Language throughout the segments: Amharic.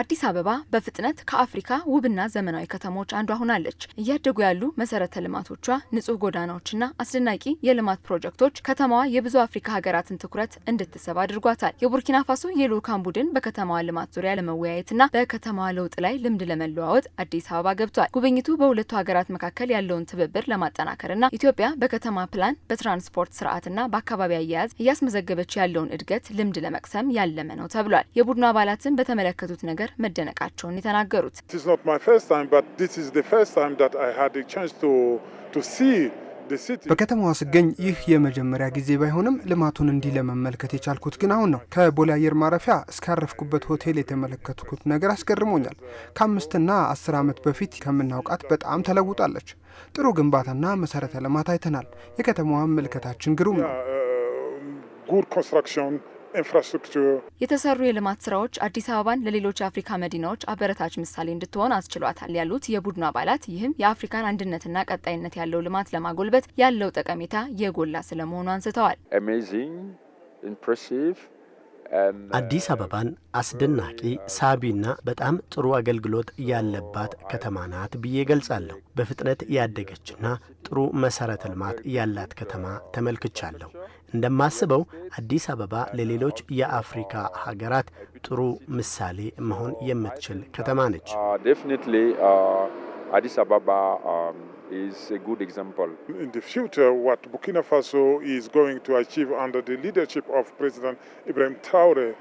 አዲስ አበባ በፍጥነት ከአፍሪካ ውብና ዘመናዊ ከተሞች አንዷ ሆናለች። እያደጉ ያሉ መሰረተ ልማቶቿ፣ ንጹህ ጎዳናዎችና አስደናቂ የልማት ፕሮጀክቶች ከተማዋ የብዙ አፍሪካ ሀገራትን ትኩረት እንድትስብ አድርጓታል። የቡርኪና ፋሶ የልዑካን ቡድን በከተማዋ ልማት ዙሪያ ለመወያየትና በከተማዋ ለውጥ ላይ ልምድ ለመለዋወጥ አዲስ አበባ ገብቷል። ጉብኝቱ በሁለቱ ሀገራት መካከል ያለውን ትብብር ለማጠናከርና ኢትዮጵያ በከተማ ፕላን፣ በትራንስፖርት ስርዓትና በአካባቢ አያያዝ እያስመዘገበች ያለውን እድገት ልምድ ለመቅሰም ያለመ ነው ተብሏል። የቡድኑ አባላትን በተመለከቱት ነገር እንደነበር መደነቃቸውን የተናገሩት በከተማዋ ስገኝ ይህ የመጀመሪያ ጊዜ ባይሆንም ልማቱን እንዲህ ለመመልከት የቻልኩት ግን አሁን ነው። ከቦሌ አየር ማረፊያ እስካረፍኩበት ሆቴል የተመለከትኩት ነገር አስገርሞኛል። ከአምስትና አስር ዓመት በፊት ከምናውቃት በጣም ተለውጣለች። ጥሩ ግንባታና መሰረተ ልማት አይተናል። የከተማዋ ምልከታችን ግሩም ነው። um, ኢንፍራስትራክቸር የተሰሩ የልማት ስራዎች አዲስ አበባን ለሌሎች የአፍሪካ መዲናዎች አበረታች ምሳሌ እንድትሆን አስችሏታል ያሉት የቡድኑ አባላት ይህም የአፍሪካን አንድነትና ቀጣይነት ያለው ልማት ለማጎልበት ያለው ጠቀሜታ የጎላ ስለመሆኑ አንስተዋል። አዲስ አበባን አስደናቂ ሳቢና በጣም ጥሩ አገልግሎት ያለባት ከተማ ናት ብዬ ገልጻለሁ። በፍጥነት ያደገችና ጥሩ መሠረተ ልማት ያላት ከተማ ተመልክቻለሁ። እንደማስበው አዲስ አበባ ለሌሎች የአፍሪካ ሀገራት ጥሩ ምሳሌ መሆን የምትችል ከተማ ነች። uh, uh, አዲስ አበባ um, is a good example. In the future, what Burkina Faso is going to achieve under the leadership of President Ibrahim Traore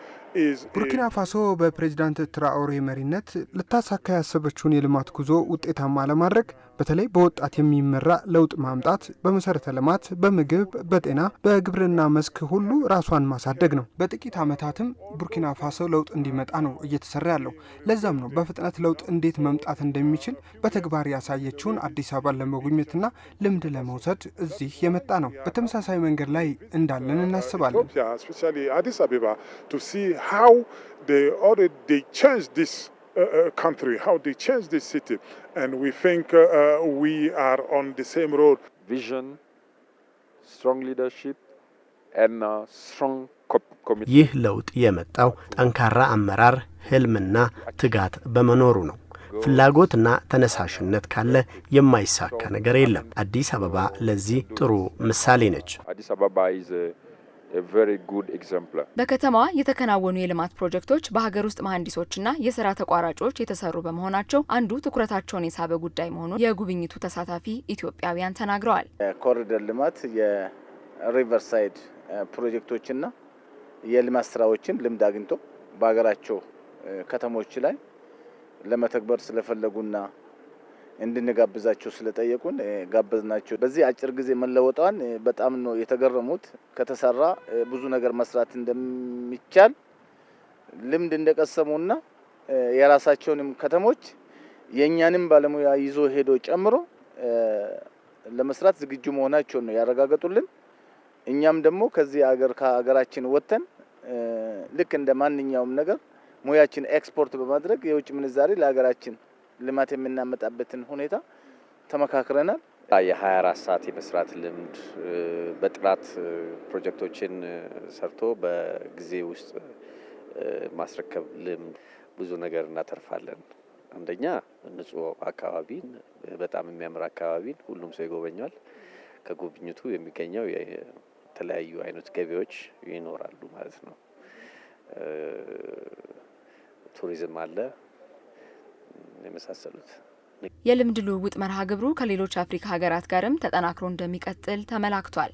ቡርኪና ፋሶ በፕሬዚዳንት ትራኦሬ መሪነት ልታሳካ ያሰበችውን የልማት ጉዞ ውጤታማ ለማድረግ በተለይ በወጣት የሚመራ ለውጥ ማምጣት በመሰረተ ልማት፣ በምግብ፣ በጤና፣ በግብርና መስክ ሁሉ ራሷን ማሳደግ ነው። በጥቂት ዓመታትም ቡርኪና ፋሶ ለውጥ እንዲመጣ ነው እየተሰራ ያለው። ለዛም ነው በፍጥነት ለውጥ እንዴት መምጣት እንደሚችል በተግባር ያሳየችውን አዲስ አበባን ለመጎብኘትና ልምድ ለመውሰድ እዚህ የመጣ ነው። በተመሳሳይ መንገድ ላይ እንዳለን እናስባለን። how they already they changed this uh, country, how they changed this city, and we think uh, we are on the same road. Vision, strong leadership, and uh, strong commitment. ይህ ለውጥ የመጣው ጠንካራ አመራር ህልምና ትጋት በመኖሩ ነው። ፍላጎትና ተነሳሽነት ካለ የማይሳካ ነገር የለም። አዲስ አበባ ለዚህ ጥሩ ምሳሌ ነች። አዲስ አበባ በከተማዋ የተከናወኑ የልማት ፕሮጀክቶች በሀገር ውስጥ መሀንዲሶችና የስራ ተቋራጮች የተሰሩ በመሆናቸው አንዱ ትኩረታቸውን የሳበ ጉዳይ መሆኑን የጉብኝቱ ተሳታፊ ኢትዮጵያውያን ተናግረዋል። የኮሪደር ልማት የሪቨርሳይድ ፕሮጀክቶችና የልማት ስራዎችን ልምድ አግኝቶ በሀገራቸው ከተሞች ላይ ለመተግበር ስለፈለጉና እንድንጋብዛቸው ስለጠየቁን ጋበዝናቸው። በዚህ አጭር ጊዜ መለወጠዋን በጣም ነው የተገረሙት። ከተሰራ ብዙ ነገር መስራት እንደሚቻል ልምድ እንደቀሰሙና የራሳቸውንም ከተሞች የእኛንም ባለሙያ ይዞ ሄዶ ጨምሮ ለመስራት ዝግጁ መሆናቸውን ነው ያረጋገጡልን። እኛም ደግሞ ከዚህ አገር ከሀገራችን ወጥተን ልክ እንደ ማንኛውም ነገር ሙያችን ኤክስፖርት በማድረግ የውጭ ምንዛሬ ለሀገራችን ልማት የምናመጣበትን ሁኔታ ተመካክረናል። የ24 ሰዓት የመስራት ልምድ በጥራት ፕሮጀክቶችን ሰርቶ በጊዜ ውስጥ ማስረከብ ልምድ ብዙ ነገር እናተርፋለን። አንደኛ ንጹህ አካባቢን፣ በጣም የሚያምር አካባቢን ሁሉም ሰው ይጎበኛል። ከጉብኝቱ የሚገኘው የተለያዩ አይነት ገቢዎች ይኖራሉ ማለት ነው። ቱሪዝም አለ። የመሳሰሉት። የልምድ ልውውጥ መርሃ ግብሩ ከሌሎች አፍሪካ ሀገራት ጋርም ተጠናክሮ እንደሚቀጥል ተመላክቷል።